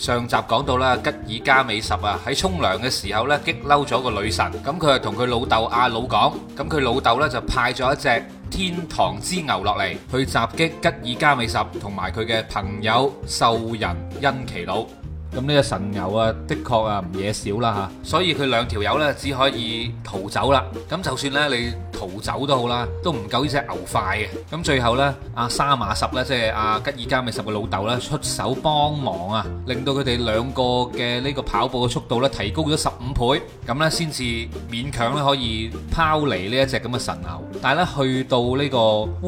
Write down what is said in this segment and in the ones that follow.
上集講到啦，吉爾加美什啊喺沖涼嘅時候呢激嬲咗個女神，咁佢啊同佢老豆阿魯講，咁佢老豆呢就派咗一隻天堂之牛落嚟去襲擊吉爾加美什同埋佢嘅朋友獸人恩奇魯，咁呢個神牛啊，的確啊唔惹少啦嚇，所以佢兩條友呢，只可以逃走啦，咁就算呢你。逃走都好啦，都唔夠呢隻牛快嘅。咁最後咧，阿沙馬什咧即係阿吉爾加美什嘅老豆咧出手幫忙啊，令到佢哋兩個嘅呢個跑步嘅速度咧提高咗十五倍，咁咧先至勉強咧可以拋離呢一隻咁嘅神牛。但係咧去到呢個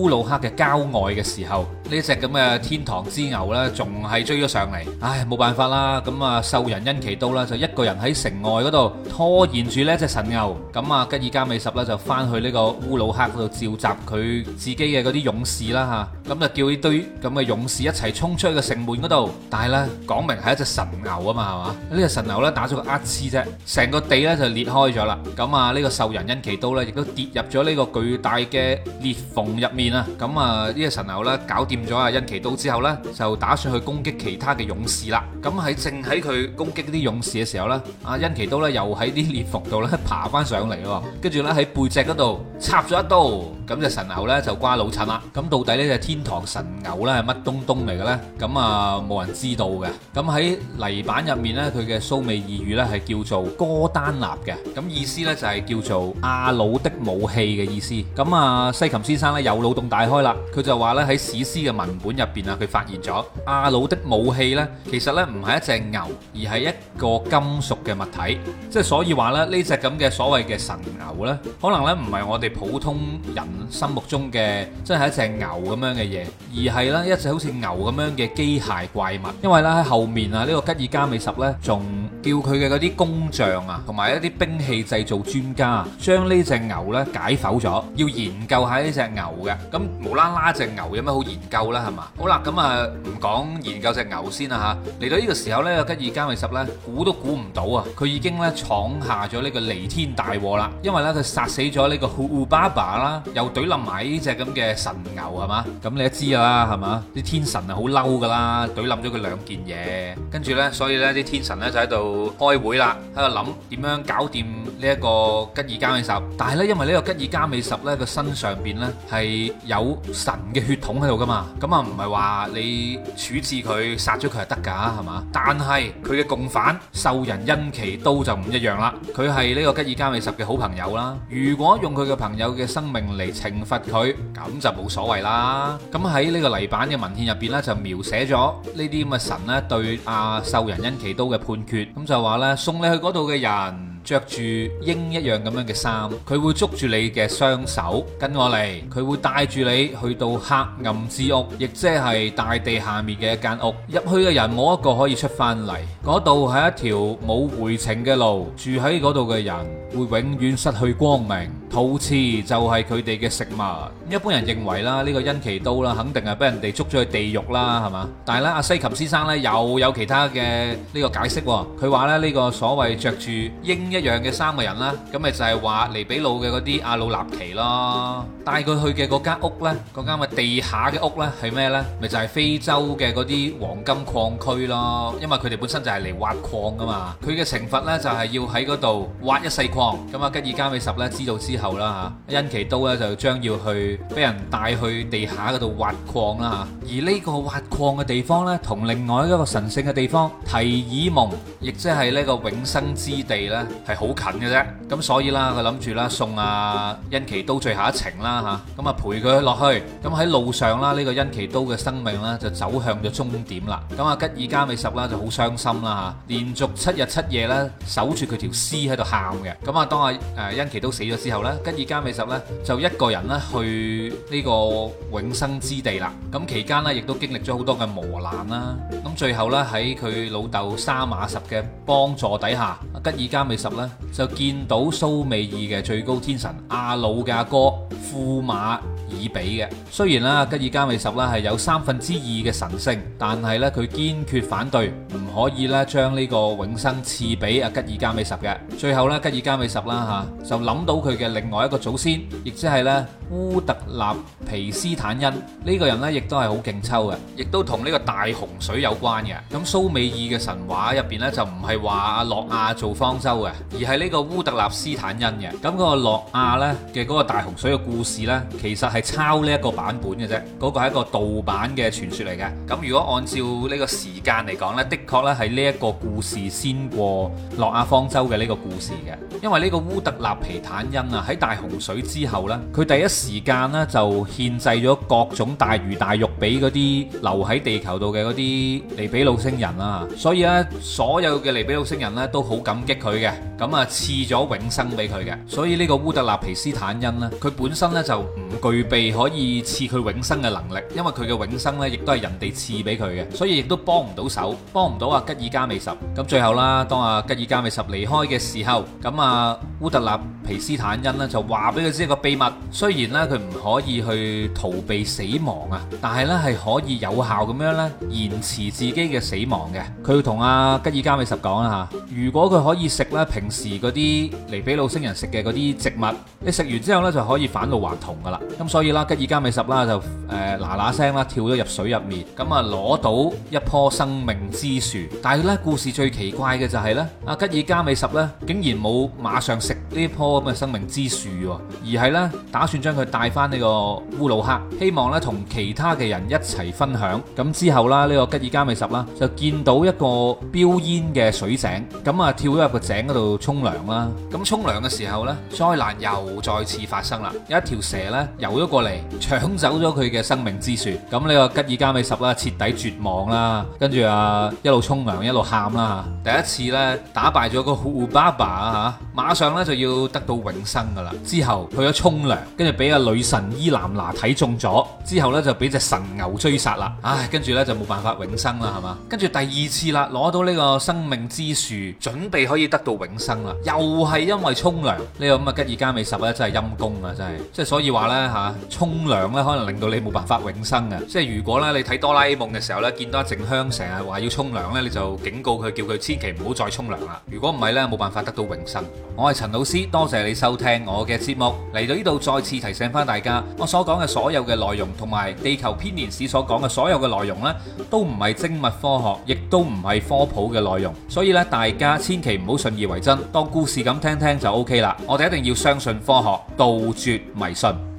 烏魯克嘅郊外嘅時候，呢隻咁嘅天堂之牛咧仲係追咗上嚟。唉，冇辦法啦。咁啊，獸人恩奇都咧就一個人喺城外嗰度拖延住呢一隻神牛。咁啊，吉爾加美什咧就返去呢個。烏魯克嗰度召集佢自己嘅嗰啲勇士啦，吓。咁就叫一堆咁嘅勇士一齊衝出去個城門嗰度，但係咧講明係一隻神牛啊嘛，係嘛？呢隻神牛咧打咗個呃痴啫，成個地咧就裂開咗啦。咁啊呢個獸人恩奇都咧亦都跌入咗呢個巨大嘅裂縫入面啊。咁啊呢隻神牛咧搞掂咗啊恩奇都之後咧，就打算去攻擊其他嘅勇士啦。咁喺正喺佢攻擊啲勇士嘅時候咧，啊恩奇都咧又喺啲裂縫度咧爬翻上嚟喎，跟住咧喺背脊嗰度插咗一刀，咁隻神牛咧就瓜老襯啦。咁到底呢隻天唐神牛呢係乜東東嚟嘅呢？咁啊冇人知道嘅。咁喺泥板入面呢，佢嘅蘇美意語呢係叫做戈丹納嘅。咁意思呢就係叫做阿魯的武器嘅意思。咁啊西琴先生呢有腦洞大開啦，佢就話呢喺史詩嘅文本入邊啊，佢發現咗阿魯的武器呢，其實呢唔係一隻牛，而係一個金屬嘅物體。即係所以話呢呢隻咁嘅所謂嘅神牛呢，可能呢唔係我哋普通人心目中嘅，即係一隻牛咁樣嘅。嘅嘢，而係啦一隻好似牛咁樣嘅機械怪物，因為咧喺後面啊呢個吉爾加美什咧，仲叫佢嘅嗰啲工匠啊，同埋一啲兵器製造專家啊，將呢隻牛咧解剖咗，要研究下呢隻牛嘅。咁無啦啦隻牛有咩好研究啦？係嘛？好啦，咁啊唔講研究隻牛先啦嚇。嚟到呢個時候咧，個吉爾加美什咧估都估唔到啊，佢已經咧闖下咗呢個彌天大禍啦。因為咧佢殺死咗呢個呼巴巴啦，又懟冧埋呢隻咁嘅神牛係嘛？咁。咁你又知噶啦，係嘛？啲天神啊，好嬲噶啦，懟冧咗佢兩件嘢。跟住咧，所以咧啲天神咧就喺度開會啦，喺度諗點樣搞掂呢一個吉爾加美什。但係咧，因為呢個吉爾加美什咧個身上邊咧係有神嘅血統喺度噶嘛，咁啊唔係話你處置佢，殺咗佢係得㗎，係嘛？但係佢嘅共犯獸人恩奇都就唔一樣啦，佢係呢個吉爾加美什嘅好朋友啦。如果用佢嘅朋友嘅生命嚟懲罰佢，咁就冇所謂啦。咁喺呢個泥板嘅文獻入邊呢，就描寫咗呢啲咁嘅神咧對阿、啊、獸人恩奇都嘅判決，咁就話呢，送你去嗰度嘅人着住鷹一樣咁樣嘅衫，佢會捉住你嘅雙手跟我嚟，佢會帶住你去到黑暗之屋，亦即係大地下面嘅一間屋，入去嘅人冇一個可以出翻嚟，嗰度係一條冇回程嘅路，住喺嗰度嘅人。會永遠失去光明，陶瓷就係佢哋嘅食物。一般人認為啦，呢個恩奇都啦，肯定係俾人哋捉咗去地獄啦，係嘛？但係咧，阿西琴先生咧又有其他嘅呢個解釋。佢話咧呢個所謂着住鷹一樣嘅三個人啦，咁咪就係話尼比魯嘅嗰啲阿努納奇咯。帶佢去嘅嗰間屋咧，嗰間咪地下嘅屋咧，係咩咧？咪就係非洲嘅嗰啲黃金礦區咯。因為佢哋本身就係嚟挖礦噶嘛。佢嘅懲罰咧就係要喺嗰度挖一世礦。咁啊，吉爾加美什咧知道之後啦吓，恩奇都咧就將要去俾人帶去地下嗰度挖礦啦吓，而呢個挖礦嘅地方咧，同另外一個神聖嘅地方提爾蒙，亦即係呢個永生之地咧，係好近嘅啫。咁所以啦，佢諗住啦送阿恩奇都最後一程啦吓，咁啊陪佢落去。咁喺路上啦，呢個恩奇都嘅生命咧就走向咗終點啦。咁阿吉爾加美什啦就好傷心啦吓，連續七日七夜咧守住佢條屍喺度喊嘅。咁啊，當阿誒恩奇都死咗之後咧，吉爾加美什咧就一個人咧去呢個永生之地啦。咁期間咧，亦都經歷咗好多嘅磨難啦。咁最後呢，喺佢老豆沙馬什嘅幫助底下，吉爾加美什咧就見到蘇美爾嘅最高天神阿魯嘅哥哥庫馬。以俾嘅，雖然啦，吉爾加美什啦係有三分之二嘅神聖，但係咧佢堅決反對，唔可以咧將呢個永生賜俾阿吉爾加美什嘅。最後咧，吉爾加美什啦嚇就諗到佢嘅另外一個祖先，亦即係咧烏特納皮斯坦恩呢個人咧，亦都係好勁抽嘅，亦都同呢個大洪水有關嘅。咁蘇美爾嘅神話入邊咧，就唔係話阿諾亞造方舟嘅，而係呢個烏特納斯坦恩嘅。咁個諾亞咧嘅嗰個大洪水嘅故事咧，其實係。抄呢一個版本嘅啫，嗰個係一個盜版嘅傳說嚟嘅。咁如果按照呢個時間嚟講呢，的確咧係呢一個故事先過諾亞方舟嘅呢個故事嘅。因為呢個烏特納皮坦恩啊，喺大洪水之後呢，佢第一時間呢就獻祭咗各種大魚大肉俾嗰啲留喺地球度嘅嗰啲尼比魯星人啦。所以呢，所有嘅尼比魯星人呢都好感激佢嘅。咁啊，賜咗永生俾佢嘅。所以呢個烏特納皮斯坦恩呢，佢本身呢就唔具。被可以賜佢永生嘅能力，因為佢嘅永生呢亦都係人哋賜俾佢嘅，所以亦都幫唔到手，幫唔到阿吉爾加美什。咁最後啦，當阿吉爾加美什離開嘅時候，咁啊烏特納皮斯坦恩呢就話俾佢知一個秘密。雖然呢，佢唔可以去逃避死亡啊，但係呢係可以有效咁樣呢延遲自己嘅死亡嘅。佢同阿吉爾加美什講啦嚇，如果佢可以食呢平時嗰啲尼比魯星人食嘅嗰啲植物，你食完之後呢就可以返老還童噶啦。所以啦，吉爾加美什啦就誒嗱嗱聲啦，跳咗入水入面，咁啊攞到一棵生命之樹。但係咧，故事最奇怪嘅就係咧，阿吉爾加美什咧竟然冇馬上食呢棵咁嘅生命之樹喎，而係咧打算將佢帶翻呢個烏魯克，希望咧同其他嘅人一齊分享。咁之後啦，呢個吉爾加美什啦就見到一個飆煙嘅水井，咁啊跳咗入個井嗰度沖涼啦。咁沖涼嘅時候咧，災難又再次發生啦，有一條蛇咧由都過嚟搶走咗佢嘅生命之樹，咁呢個吉爾加美什啦徹底絕望啦，跟住啊一路沖涼一路喊啦，第一次呢，打敗咗個虎爸爸啊，馬上呢就要得到永生噶啦，之後去咗沖涼，跟住俾阿女神伊南娜睇中咗，之後呢就俾隻神牛追殺啦，唉、啊，跟住呢就冇辦法永生啦，係嘛？跟住第二次啦，攞到呢個生命之樹，準備可以得到永生啦，又係因為沖涼，呢、這個咁嘅吉爾加美什呢，真係陰功啊，真係，即係所以話呢。吓、啊。沖涼咧，可能令到你冇辦法永生嘅。即係如果咧，你睇哆啦 A 夢嘅時候咧，見到阿靜香成日話要沖涼咧，你就警告佢，叫佢千祈唔好再沖涼啦。如果唔係咧，冇辦法得到永生。我係陳老師，多謝你收聽我嘅節目。嚟到呢度，再次提醒翻大家，我所講嘅所有嘅內容，同埋地球編年史所講嘅所有嘅內容咧，都唔係精密科學，亦都唔係科普嘅內容。所以咧，大家千祈唔好信以為真，當故事咁聽聽就 OK 啦。我哋一定要相信科學，杜絕迷信。